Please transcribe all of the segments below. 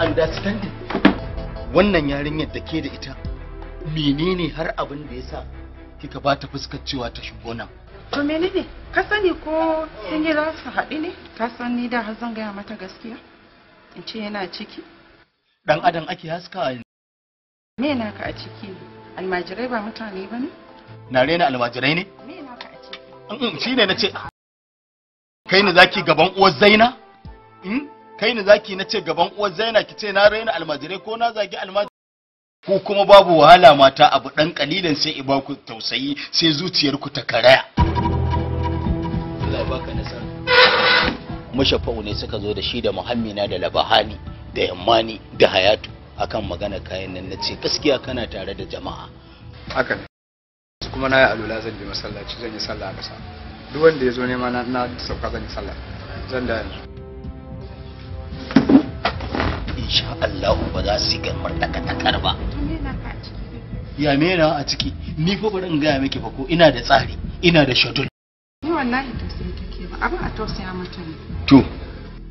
understanding wannan yarinyar da ke da ita menene har abin da ya sa kika ba ta fuskar cewa ta shigo nan to menene ka sani ko kin yi za su ne ka san ni da har zan gaya mata gaskiya in ce yana ciki dan adam ake haska me na ka a ciki almajirai ba mutane ba ne na rena almajirai ne me na ka a ciki shi ne na ce kai ne zaki gaban uwar zaina hmm? kai ne zaki na ce gaban uwar zaina ki ce na raina almajirai ko na zagi almajirai ko kuma babu wahala mata abu dan kalilan sai i baku tausayi sai zuciyarku ta karaya Allah baka nasara ne suka zo da shi da muhammina da labahani da yammani da hayatu akan magana kayan nan na ce gaskiya kana tare da jama'a haka ne kuma na yi alula zan je masallaci zan yi sallah a ƙasa duk wanda ya zo nema na sauka zan yi sallah zan da yanzu insha Allah ba za su yi gamar takatakar ba ya mera a ciki ni fa bari in gaya miki fa ko ina da tsari ina da shadul ni wannan ita take ba abin a tausaya mata ne to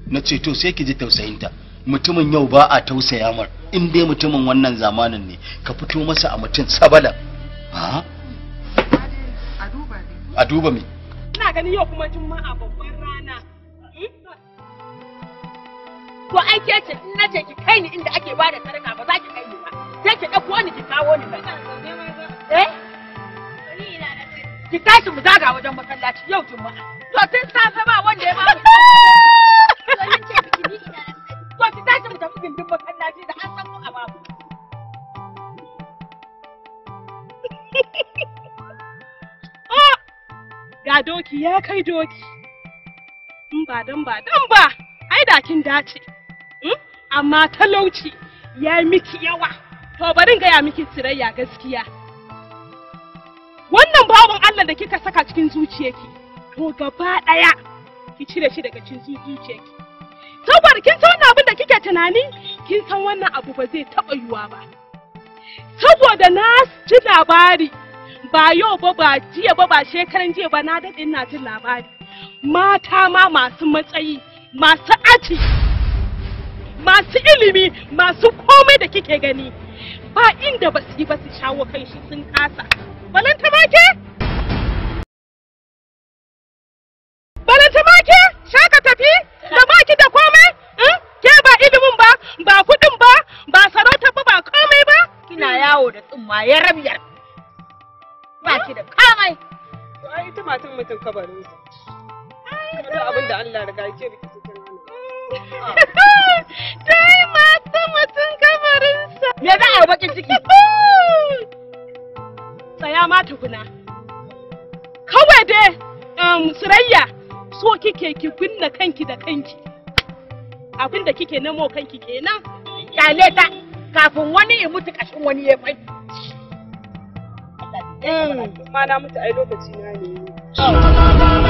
na ce to sai ki ji tausayinta mutumin yau ba a tausaya mar in dai mutumin wannan zamanin ne ka fito masa a mutum sabala a duba me ina ganin yau kuma juma'a babbar to ai ke ce in nace ki kai ni inda ake bada sadaka ba za ki kai ni ba sai ki dauko ni ki kawo ni ba eh ki tashi mu zaga wajen masallaci yau juma'a to tun safe ba wanda ya ba mu to ki tashi mu tafi gindin masallaci da an san mu a babu oh! ga doki ya kai doki in ba dan ba dan ba ai da kin dace amma talauci ya miki yawa to bari gaya miki tsirayya gaskiya wannan bawan Allah da kika saka cikin zuciyarki to gaba daya ki cire shi daga cikin zuciyarki saboda kin san abin da kike tunani kin san wannan abu ba zai taba yuwa ba saboda na ji labari ba yau ba ba jiya ba ba shekaran jiya ba na daɗe ina jin labari mata ma masu matsayi masu aji masu ilimi masu komai da kike gani ba inda ba su yi ba su shawo kan shi sun kasa balanta ma ke balanta ma ke shaka tafi da ba ki da komai eh? ke ba ilimin ba ba kudin ba ba sarauta ba ba komai ba kina yawo da tsumma ya rabiyar ba ki da komai to ai ita matan mutum kabarin sa abin da Allah riga ke biki Ta yi mata mutum kamarinsa. Me za a yi bakin ciki? Tsaya ma tukuna. Kawai dai, um, Surayya, so kike ki binne kanki da kanki. Abin da kike namo kanki kenan, kyale ta kafin wani ya mutu kashin wani ya fai. Ma ai lokaci na ne.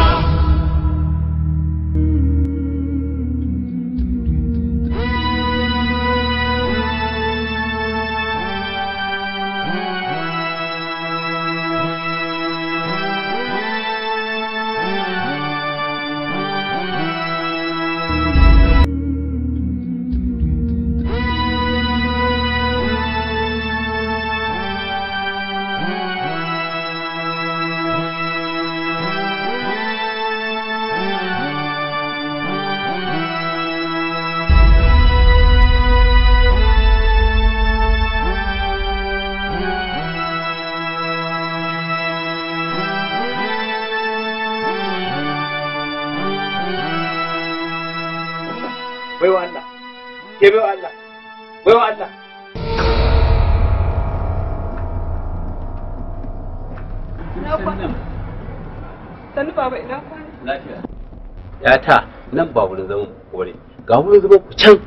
ta nan ba wurin zaman kore ga wurin zaman ku can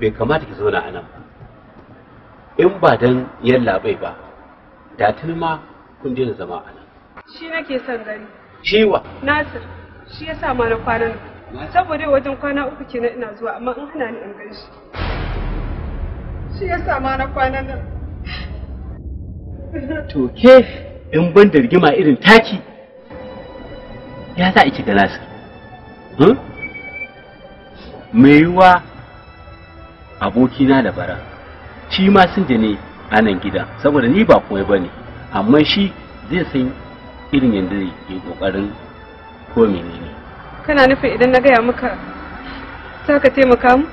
bai kamata ki zauna a nan in ba dan yallaɓai ba da tun ma kun daina zama a nan shi nake son gari shi wa nasir shi yasa ma na kwana saboda wajen kwana uku kenan ina zuwa amma in hana ni in gaishe shi yasa ma na kwana nan to ke in ban da rigima irin taki ya za ki da nasir mai yiwuwa abokina da bara shi ma sun da ne a nan gida saboda ni ba komai ba ne amma shi zai san irin yadda zai yi kokarin ko ne kana nufin idan na gaya maka za ka taimaka mu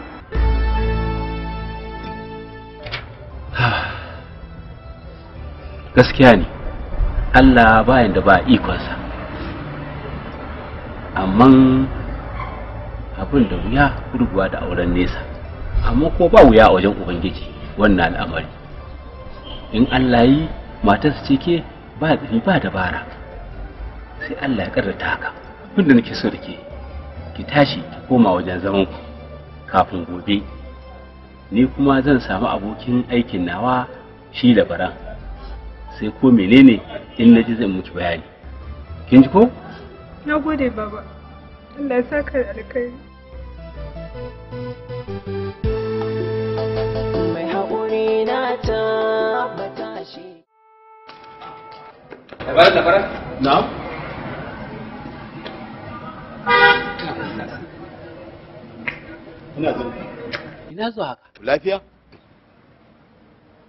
gaskiya ne allah bayan da ba ikonsa amma abin da wuya gurguwa da auren nesa amma ko ba wuya a wajen ubangiji wannan al'amari in allah yi matarsa ce ke ba ba dabara sai allah ya karanta haka abin da nake so da ke ki tashi ki koma wajen zaman kafin gobe ni kuma zan samu abokin aikin nawa shi da baran sai ko menene in na ji zan muki bayani kin ji ko na gode baba Allah ya saka da alkai. Mai haƙuri na tabbata shi. Labaran labaran? Na? Ina zuwa. Ina zuwa haka. Lafiya?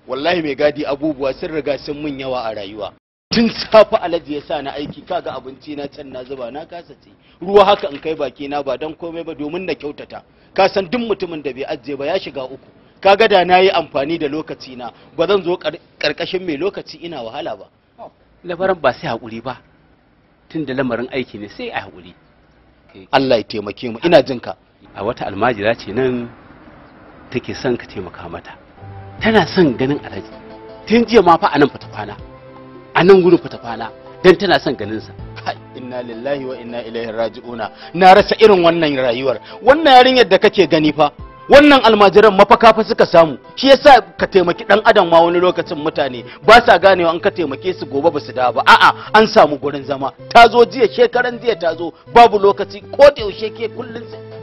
Wallahi mai gadi abubuwa sun riga sun mun yawa a rayuwa. tun safi alaji ya sa na aiki kaga abinci na can na zuba na kasa ce ruwa haka in kai baki na ba don komai ba domin na kyautata ka san duk mutumin da bai ajiye ba ya shiga uku kaga da na yi amfani da lokaci na ba zan zo karkashin mai lokaci ina wahala ba labaran ba sai haƙuri ba tun da lamarin aiki ne sai a haƙuri Allah ya taimake mu ina jin ka a wata almajira ce nan take son ka taimaka mata tana son ganin alhaji tun jiya ma fa anan fa ta kwana a nan gurin fatafala don tana son ganinsa inna lillahi wa inna ilaihi raji'una na rasa irin wannan rayuwar wannan yarinyar da kake gani fa wannan almajiran mafaka fa suka samu shi yasa ka taimaki dan adam ma wani lokacin mutane ba sa ganewa an ka taimake su gobe ba su da ba a'a an samu gurin zama ta zo jiya shekaran jiya ta zo babu lokaci ko da yaushe ke kullun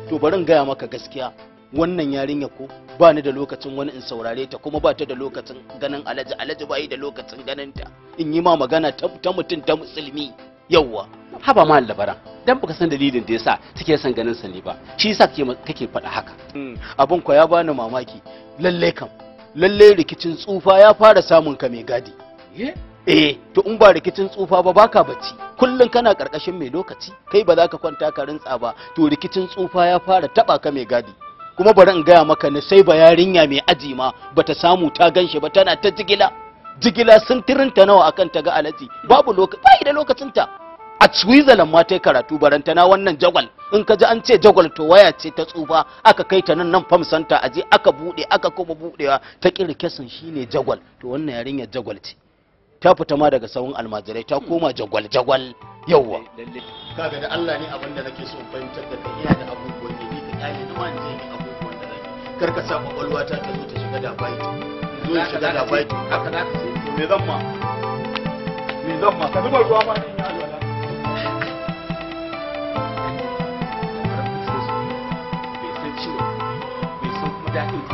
to bari in gaya maka gaskiya wannan yarinya ko ba ni da lokacin wani in saurare ta kuma ba ta da lokacin ganin alhaji alhaji ba yi da lokacin ganin ta in yi ma magana ta mutum ta musulmi yawwa haba ma labaran dan baka san dalilin da yasa suke son ganin sani ne ba shi yasa kake kake faɗa haka hmm. abin ko ya bani mamaki lalle kam lalle rikicin tsufa ya fara samun ka mai gadi eh? eh to in ba rikicin tsufa ba baka bacci kullum kana karkashin mai lokaci kai ba za ka kwanta ka rintsa ba to rikicin tsufa ya fara taba ka mai gadi kuma bari in gaya maka ne sai ba yarinya mai aji ma bata samu ta ganshi ba tana ta jigila jigila sun tirinta nawa akan ta ga alati babu lokaci bai da lokacin ta a Switzerland ma ta karatu baranta na wannan jagwal in ka ji an ce jagwal to waya ce ta tsufa aka kai ta nan nan fam santa aje aka bude aka kuma budewa ta kirkesin shine jagwal to wannan yarinyar jagwal ce ta fita ma daga sawun almajirai ta koma jagwal jagwal yawwa kaga da Allah ne abinda nake so fahimtar da kai ina da abubuwan da ni ka da wani kar ka sa kwakwalwa ta ta zo ta shiga da bai zo ya shiga da bai haka za ka ce me zan ma me zan ma ka zuba ruwa ma ne ya alwala bai san ciwo bai san kuma daɗin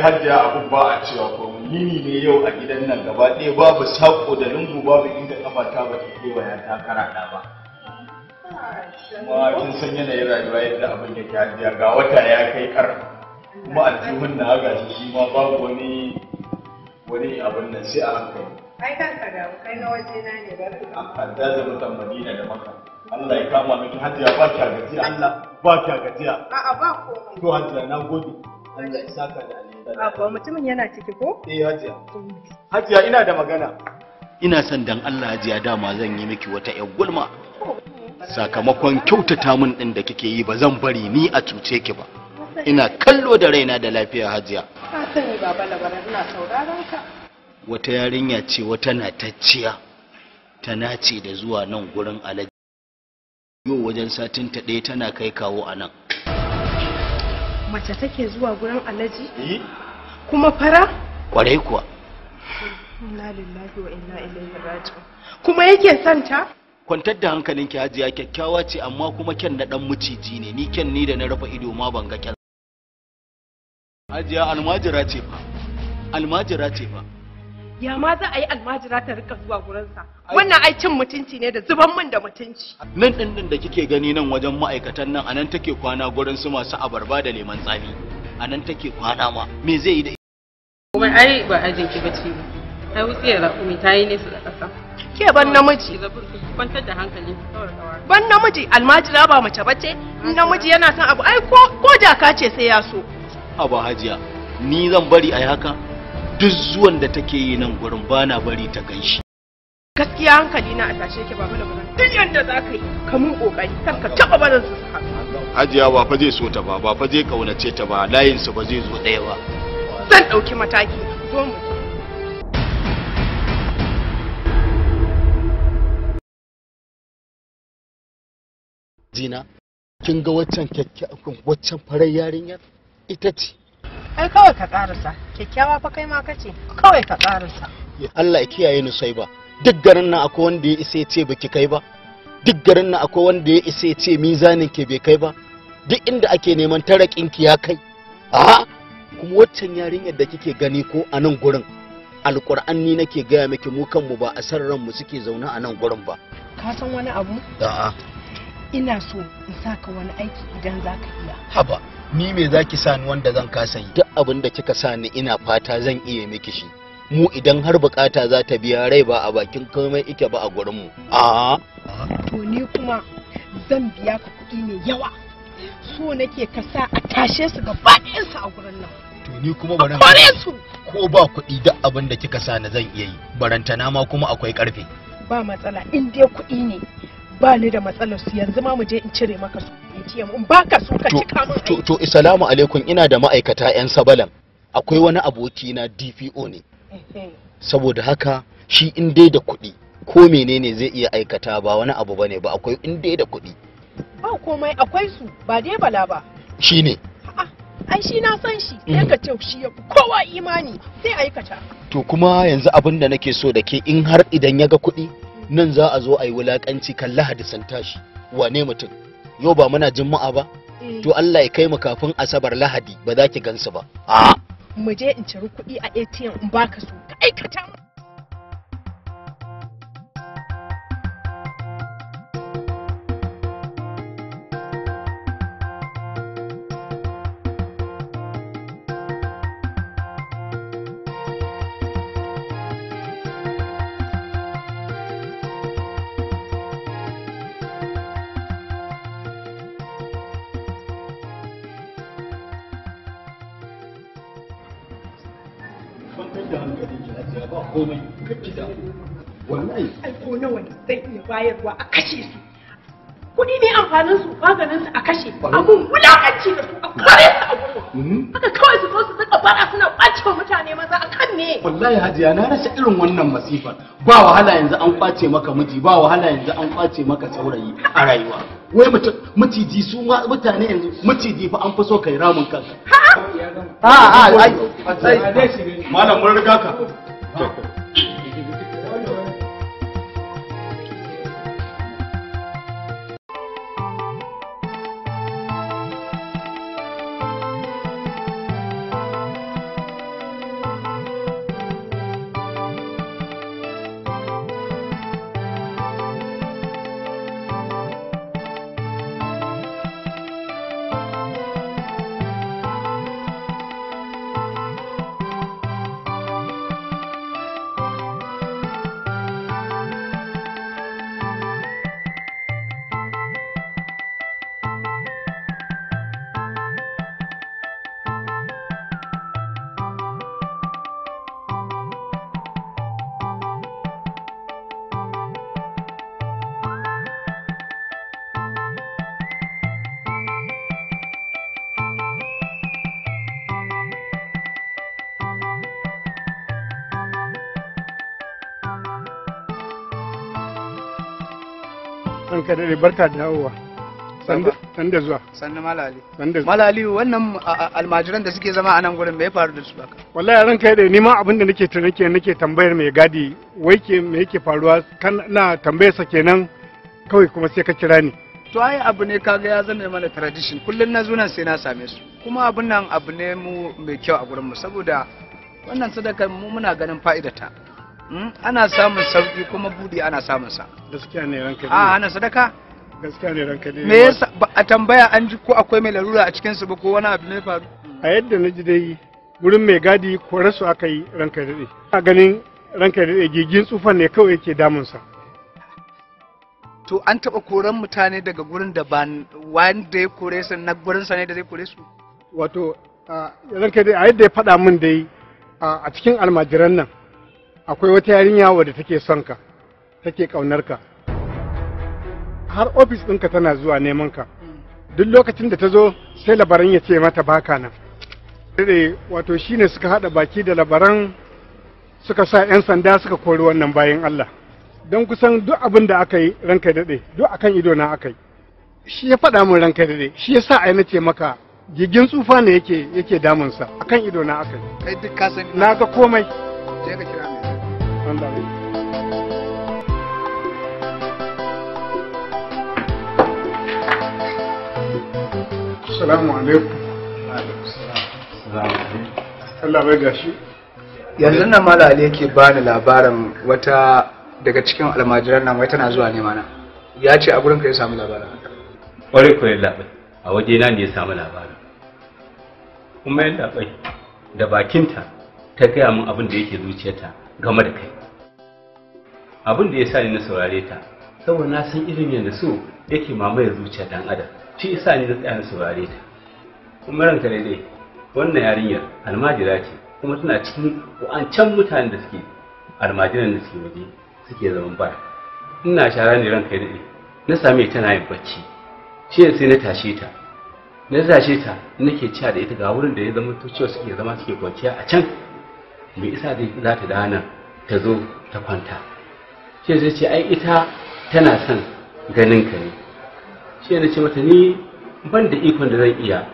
yi ya abu ba a cewa ko yini ne yau a gidan nan gaba ɗaya babu sako da lungu babu inda kafa ta ba ke ba ya ta karata ba kuma kin san yanayin rayuwa yadda abin yake hadiya ga wata ya kai kar kuma aljihun na ga shi ma babu wani wani abin nan sai a hankali ai kanka da kai na waje na ne ba a hadda da mutan madina da maka Allah ya kama miki hadiya ba ta gajiya Allah ba ta gajiya a'a ba ko. to hadiya na gode Allah ya saka da alheri Ah, eh, hajiya. ina da magana. Ina son dan Allah ajiya dama zan yi miki wata ƴar gulma. Oh. Sakamakon kyautata min ɗin da kike yi ba zan bari ni a cuce ki ba. Ina kallo da raina da lafiya hajiya. Wata yarinya ce wata tacciya. Ta nace da zuwa nan gurin alaji. Yau wajen satin ta ɗaya tana kai kawo a nan. mace take zuwa gurin alaji eh. kuma fara kwarai kuwa inna lillahi wa inna ilaihi raji'un kuma yake santa kwantar da hankalin ki hajiya kyakkyawa ce amma kuma kyan na dan miciji ne ni kyan ni da na rufe ido ma ban ga kyan hajiya almajira ce fa almajira ce fa ya ma za a yi almajira ta rika zuwa gurinsa wannan ai cin mutunci ne da zuban min da mutunci nan din din da kike gani nan wajen ma'aikatan nan anan take kwana gurin su masu abarba da leman tsami anan take kwana ma me zai yi da kuma ai ba ajin ki bace ba ai wutsiyar kuma ta yi nesa da kasa ke ban namiji kwantar da hankali ban namiji almajira ba mace bace namiji yana son abu ai ko jaka ce sai ya so abu hajiya ni zan bari ai haka duk zuwan da take yi nan gurin ba na bari ta gan shi gaskiya hankali na a tashe ke baba da bana duk yanda za ka yi ka mun kokari kar ka taba barin su Hajiya ba fa zai so ta ba ba fa zai kaunace ta ba layin su ba zai zo daya ba zan dauki mataki zo mu Zina, kin ga waccan kyakkyawan waccan farar yarinyar ita ce ai kawai ka karasa kyakkyawa fa kai ma kace kawai ka karasa Allah ya kiyaye ni sai ba duk garin nan akwai wanda ya isa ya ce baki kai ba duk garin nan akwai wanda ya isa ya ce mizanin ke bai kai ba duk inda ake neman tarakin ki ya kai a kuma waccan yarinyar da kike gani ko a nan gurin alkur'ani nake gaya miki mu kanmu ba a san ranmu suke zaune a nan gurin ba ka san wani abu a'a ina so in saka wani aiki idan zaka iya haba ni me zaki sa ni wanda zan kasa yi duk abin da kika sa ni ina fata zan iya miki shi mu idan har bukata za ta biya rai ba a bakin komai ike ba a gurin mu a to ni kuma zan biya ka kuɗi mai yawa so nake ka sa a tashe su gaba su a gurin nan to ni kuma su ko ba kuɗi duk abin da kika sani zan iya yi barantana ma kuma akwai ƙarfe. ba matsala in dai kuɗi ne ba ni da matsalar su yanzu ma mu je in cire maka su ATM in baka su ka cika mun to to assalamu alaikum ina da ma'aikata yan sabalan akwai wani aboki na DPO ne saboda haka shi in dai da kuɗi ko menene zai iya aikata ba wani abu bane ba akwai in dai da kuɗi ba komai akwai su ba dai bala ba shine ai shi na san shi sai mm. ka ce shi ya kowa imani sai aikata to kuma yanzu abin da nake so da ke in har idan ya ga kuɗi nan za a zo a yi wulakanci kan lahadi san tashi wane mutum yau ba muna juma'a ba eh. to Allah ya kai mu kafin asabar lahadi ba za ki gansu ba a mu je in ciri kuɗi a ATM in baka su aikata kwantar da hankalin ki ba komai da nawa ne zai iya bayarwa a kashe su kuɗi ne amfanin su maganin su a kashe su a kare su kawai su zo su saka fara suna mutane maza a kan ne wallahi hajiya na rasa irin wannan masifar ba wahala yanzu an kwace maka miji ba wahala yanzu an maka saurayi su mutane yanzu fa an fi so kai ramin kanka a a a malam mun riga ka ranka da barka da dawowa san da zuwa san da malali san da malali wannan almajiran da suke zama a nan gurin me ya faru da su baka wallahi kai da ni ma abin da nake tunake nake tambayar mai gadi wai ke me yake faruwa kana tambayar sa kenan kawai kuma sai ka kira ni to ai abu ne kaga ya zama mana tradition kullun na zo nan sai na same su kuma abin nan abu ne mu mai kyau a gurin mu saboda wannan sadakar mu muna ganin fa'idata Hmm? ana samun sauki kuma budi ana samun sa gaskiya ne ranka a ah, ana sadaka gaskiya ne ranka ne me yasa a tambaya an ji ko akwai mai larura a cikin su ba ko wani abu ne faru a yadda na ji dai gurin mai gadi ko rasu aka yi ranka dade a ganin ranka dade gigin tsufan ne kawai yake damun sa to an taba koran mutane daga gurin da ba wanda ya kore su na gurin sa ne da zai kore su wato ranka dade a yadda ya faɗa min dai a cikin almajiran nan akwai wata yarinya wadda take son ka take kaunar ka har ofis ɗinka tana zuwa neman ka duk lokacin da ta zo sai labaran ya ce mata baka nan wato shine suka haɗa baki da labaran suka sa 'yan sanda suka kori wannan bayan Allah don kusan duk abin da aka yi ranka daɗe duk akan ido na aka yi shi ya faɗa min ranka daɗe shi ya sa ai nace maka gigin tsufa ne yake yake damunsa akan ido na aka yi kai duk ka na ga komai sai ka kira Ándale. Salamu alaikum. Allah bai gashi. Yanzu nan Mala Ali yake bani labarin wata daga cikin almajiran nan wai tana zuwa ne mana. Ya ce a gurin ka ya samu labarin. Kwarai kwarai ya a waje na ne ya samu labarin. Kuma yanda bai da bakinta ta gaya min abin da yake zuciyarta game da kai abin da ya sa ni na saurare ta saboda na san irin yadda so yake mamaye zuciya dan adam shi isa ni na tsaya na saurare ta kuma ranka dai wannan yarinyar almajira ce kuma tana cikin wa'ancan mutanen da suke almajiran da suke waje suke zaman bara ina shara ne ranka dai na same tana yin bacci shi sai na tashe ta na tashe ta nake cewa da ita ga wurin da ya zama to cewa suke zama suke kwanciya a can mai isa da za ta dana ta zo ta kwanta shi zai ce ai ita tana son ganin ka ne shi na ce mata ni ban da ikon da zan iya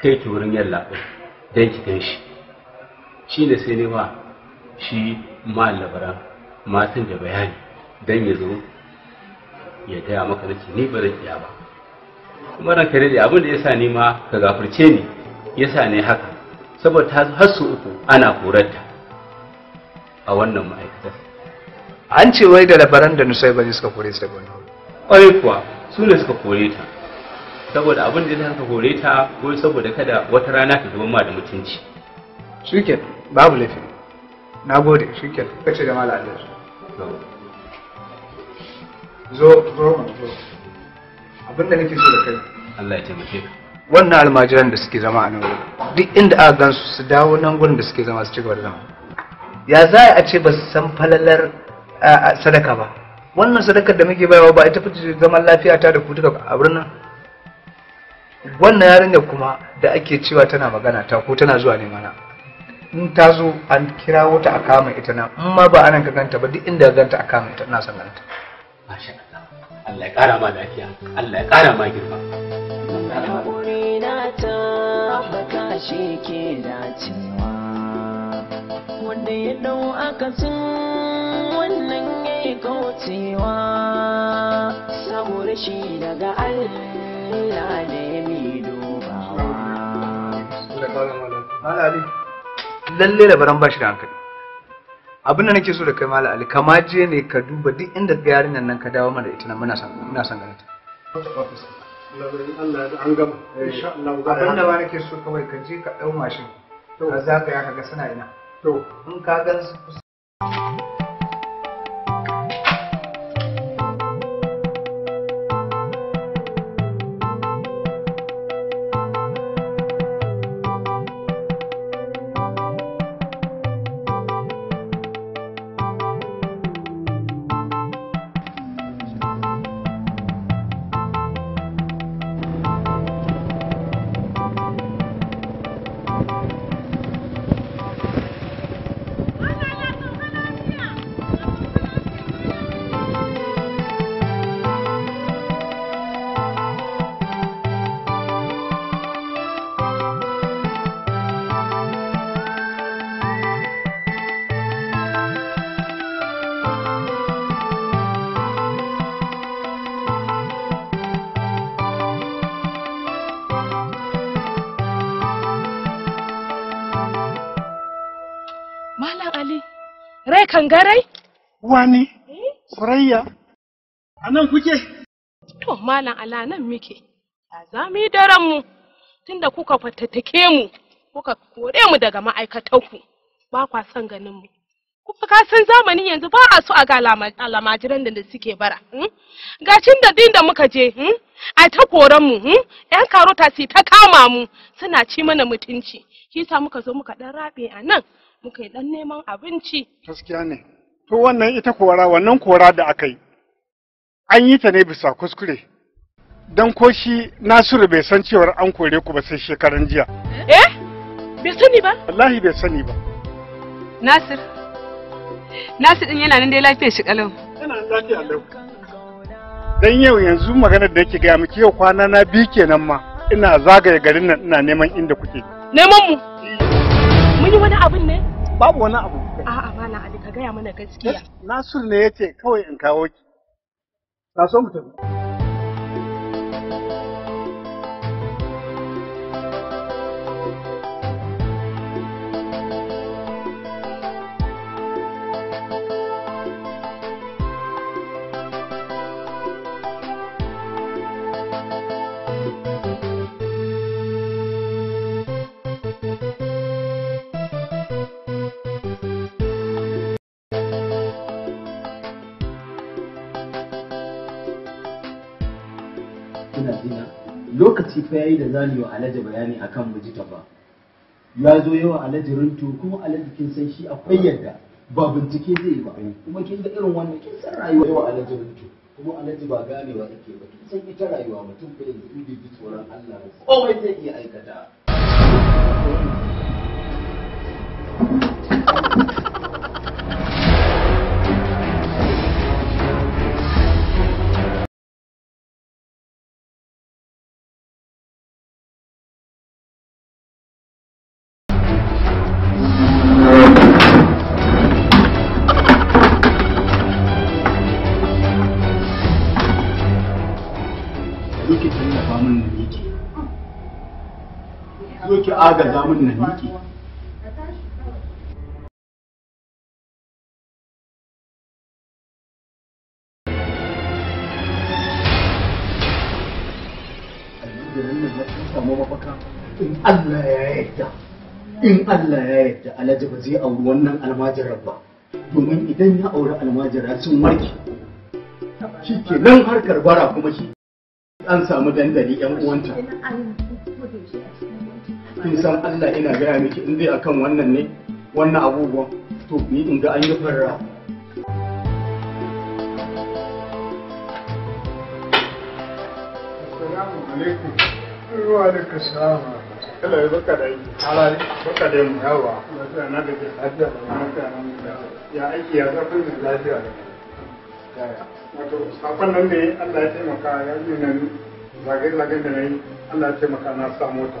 kai ki wurin yalla dan ki gan shi shi ne sai ne wa shi malabaran matan da bayani dan ya zo ya gaya maka nake ni ba zan iya ba kuma ranka da abin da ya sa ni ma ka gafurce ni ya sa ne haka saboda har su uku ana horarta a wannan ma'aikatar an ce wai da labaran da nusai zai suka kore su da wani wuri kuwa su ne suka kore ta saboda abin da suka kore ta ko saboda kada wata rana ta zama ma da mutunci shuke babu laifi na gode shuke ka ce da mala Allah zo zo zo abin da nake so da kai Allah ya taimake ka wannan almajiran da suke zama a nan duk inda aka gansu su dawo nan gurin da suke zama su ci gaba da zama ya za a ce ba su san falalar sadaka ba wannan sadakar da muke bayarwa ba ita fice zaman lafiya ta da kutuka a birnin wannan yarinyar kuma da ake cewa tana magana ta ko tana zuwa ne mana in ta zo an kirawo ta a kama ita na in ma ba anan ka ganta ba duk inda ganta a kama ita ina son ganta masha Allah Allah ya kara ma lafiya Allah ya kara ma girma Allah ya kara ma girma wanda ya dau akasin wannan ya yi kaucewa saboda shi daga Allah da ya mi dubawa. lalle da baran bashi da hankali abin da nake so da kai mala ali kama je ne ka duba duk inda ga yarinyar nan ka dawo mana ita nan muna san muna san ganin ta abin da ba nake so kawai ka je ka dau mashin ka zagaya ka ga suna ina to in ka gan su kangarai? Wani? Surayya? Eh? A nan kuke? To, Malam Ala nan muke, a za mu yi daren mu, tunda kuka fatattake mu, kuka kore mu daga ma'aikatanku, ba kwa son ganin Kuka kasan zamanin yanzu ba a so a ga alamajiran da suke bara. Hmm? cin da din da muka je, hmm? a ta koren mu, hmm? ‘yan karota su ta kama mu, suna ci mana mutunci. shi sa muka zo muka dan rabe a nan muka yi dan neman abinci gaskiya ne to wannan ita kora wannan kora da aka yi an yi ta ne bisa kuskure dan ko shi Nasiru bai san cewar an kore ku ba sai shekaran jiya eh bai sani ba wallahi bai sani ba Nasir Nasir din yana nan dai lafiyar shi kalau yana lafiya lau dan yau yanzu maganar da yake gaya miki yau kwana na biyu kenan ma ina zagaye garin nan ina neman inda kuke neman mu mun yi wani abin ne babu wani abu a'a ba ali ka gaya mana gaskiya nasiru ne yace kawai in kawo ki na so mu tafi kuna dina lokaci fa yayi da zamu wa alaji bayani akan mujita ba ya zo yawa alaji rinto kuma alaji kin san shi akwai yadda ba bincike zai yi ba kuma kin ga irin wannan kin san rayuwa yawa alaji rinto kuma alaji ba ganewa yake ba kin san ita rayuwa mutum fa da in bai tsoron Allah zai iya aikata zo ki agaza min na miƙe mafaka in Allah ya yadda in Allah ya yadda alhaji ba zai auri wannan almajirar ba domin idan ya auri almajira sun warke shi ke nan harkar bara kuma shi an samu dandali yan uwanta kin san Allah ina gaya miki in dai akan wannan ne wannan abubuwan to ni in ga an yi farra Assalamu alaikum. Ruwa da ka sama. Allah ya baka da yi. Halali. Baka da yi. Yawa. Lafiya na da ke lafiya da lafiya Ya aiki ya zafin da lafiya da Wato, sakon nan ne Allah ya taimaka ya yi nan zagaye da na yi Allah ya taimaka na sa mota.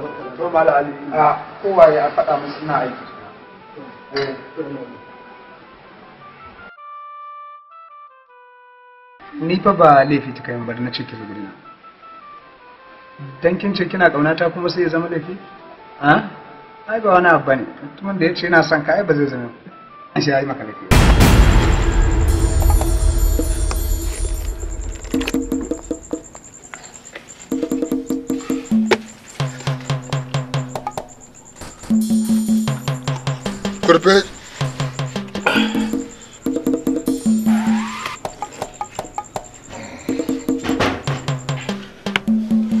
mala ah, a faɗa aiki ni fa ba laifi ta kayan barna na ce ki zo gurina dan kin ce kina kaunata kuma sai ya zama laifi a ah? ai ba wani abu bane mutumin da ya ce yana son ka ai ba zai zama shi ya yi maka laifi Kurpet.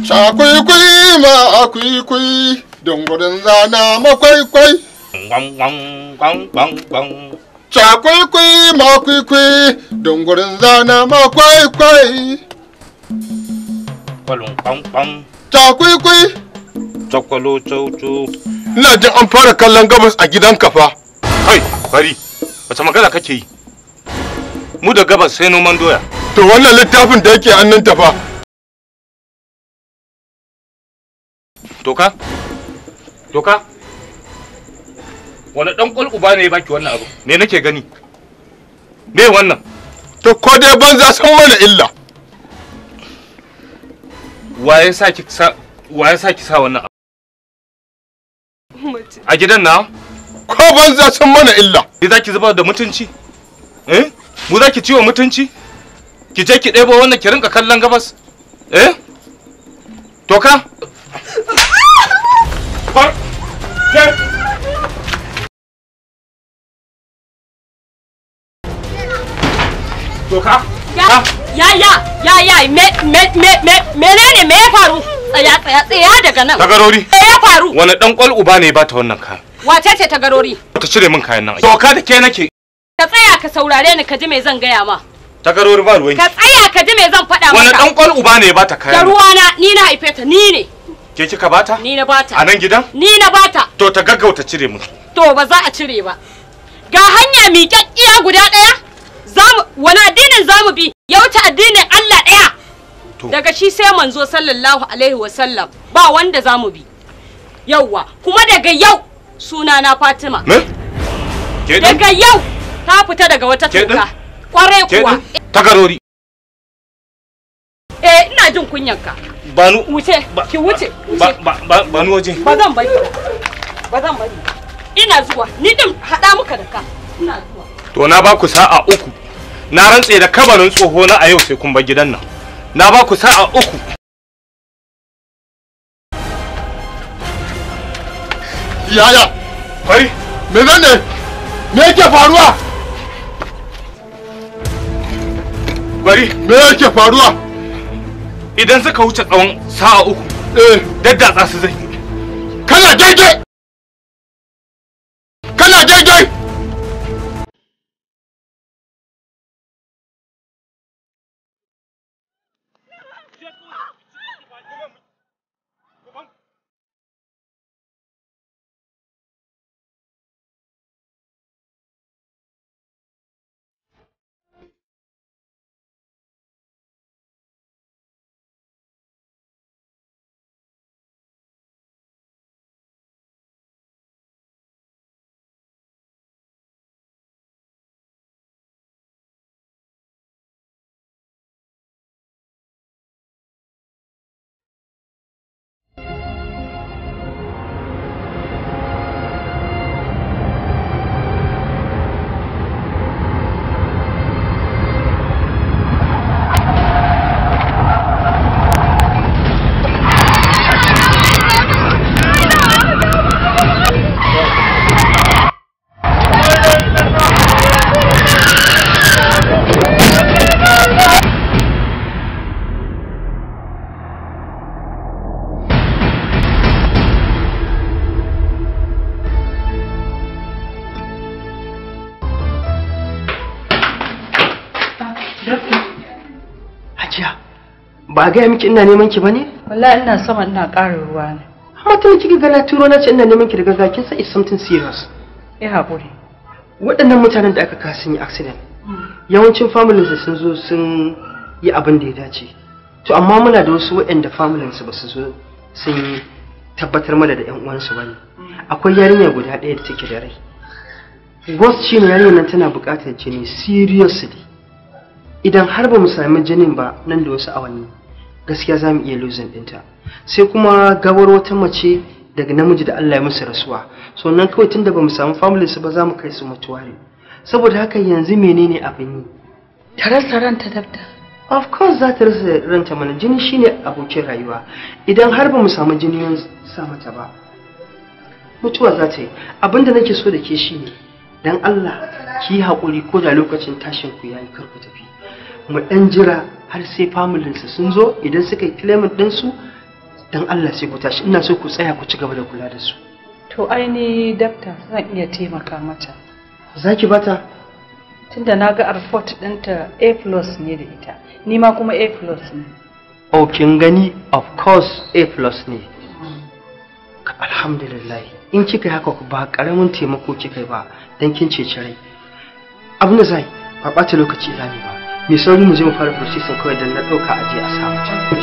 Shakwaikwai ma akwaikwai don gudun zana makwaikwai. Shakwaikwai ma kwaikwai don gudun zana makwaikwai. Kwalin kwamkwam. Shakwaikwai. Tsakwalo tsautsau. Ina jin an fara kallon gabas a gidan kafa. Kai, bari, wace magana kake yi? Mu da gabas sai noman doya. To wannan littafin da yake annan tafa. Toka? Toka? Wani ɗan uba ne ya baki wannan abu? Me nake gani? Me wannan? To ko dai banza san mana illa. Waye sa ki sa waye sa ki sa wannan abu? A gidan na? ko banza sun mana illa ni za ki zuba da mutunci eh mu za ki ciwo mutunci ki je ki ɗebo wannan ki rinka kallon gabas eh to ka ah. Ya, ya, ya, ya, me, me, me, me, menene me ya faru? Tsaya, tsaya, tsaya daga nan. Tagarori. Me ya faru? ya ɗan ƙwal uba ne ba ta wannan ya Wace ce ta garori? Ta cire min kayan nan. Doka da ke nake. Ka tsaya ka saurare ni ka ji me zan gaya ma. Ta garori ba ruwanki. Ka tsaya ka ji me zan faɗa maka. Wani dan kwal uba ne ya bata kayan. Da ruwana ni na haife ta ni ne. Ke kika bata? Ni na bata. A nan gidan? Ni na bata. To ta gaggauta cire mu. To ba za a cire ba. Ga hanya miƙaƙƙiya guda ɗaya. mu wani addinin za mu bi ya wuce addinin Allah ɗaya. Daga shi sai manzo sallallahu alaihi wa sallam ba wanda za mu bi. Yawwa kuma daga yau suna na Fatima. Daga yau ta fita daga wata tuka. Kware kuwa. Takarori. Eh ina jin kunyanka. Banu. Wuce, ki wuce. Banu waje. Ba zan bari. Ba zan bari. Ina zuwa, ni din hada muka da ka. Ina zuwa. To na ba ku sa'a uku. Na rantse da kabarin tsoho na a yau sai kun bar gidan nan. Na ba ku sa'a uku. yaya bari me me yake faruwa bari me yake faruwa idan suka wuce tsawon sa'a uku eh daddatsa su zai kana daidai kana daidai ba ga miki ina neman ki bane wallahi ina sama ina ƙara ruwa ne amma tun kika ga na turo na ce ina neman ki daga ga kin is something serious eh hakuri waɗannan mutanen da aka kawo sun yi accident hmm. yawancin families sun zo sun yi abin da ya dace to amma muna da wasu waɗanda families ba su zo sun tabbatar mana da 'yan uwansu bane hmm. akwai yarinya guda ɗaya da take da rai wasu ne yarinyar nan tana buƙatar jini seriously idan har ba mu sami jinin ba nan da wasu awanni gaskiya za mu iya losing ɗinta sai kuma gawar wata mace daga namiji da Allah ya musu rasuwa so nan kawai tunda bamu samu family su ba za mu kai su mutuwa ne. saboda haka yanzu menene abin yi ta rasa ranta dabta of course za ta rasa ranta mana jini shine abokin rayuwa idan har ba mu samu jini yan sa mata ba mutuwa za ta yi abinda nake so da ke shi ne. dan Allah ki haƙuri ko da lokacin tashin ku yayi kar ku tafi mu dan jira har sai familinsa sun zo idan suka yi claimant ɗinsu don Allah sai ku tashi ina so ku tsaya ku ci gaba da kula da su. To ai ni dakta zan iya taimaka mata. Za ki bata? Tunda na ga report ɗinta A plus ne da ita, ni ma kuma A plus ne. Oh kin gani of course A plus ne. Mm. Alhamdulillah in kika yi haka ba karamin taimako kika yi ba dan kin ceci rai. Abin da zai ba ɓata lokaci rami ba. mai sauri mu je mu fara processing kawai don na ɗauka aje a samu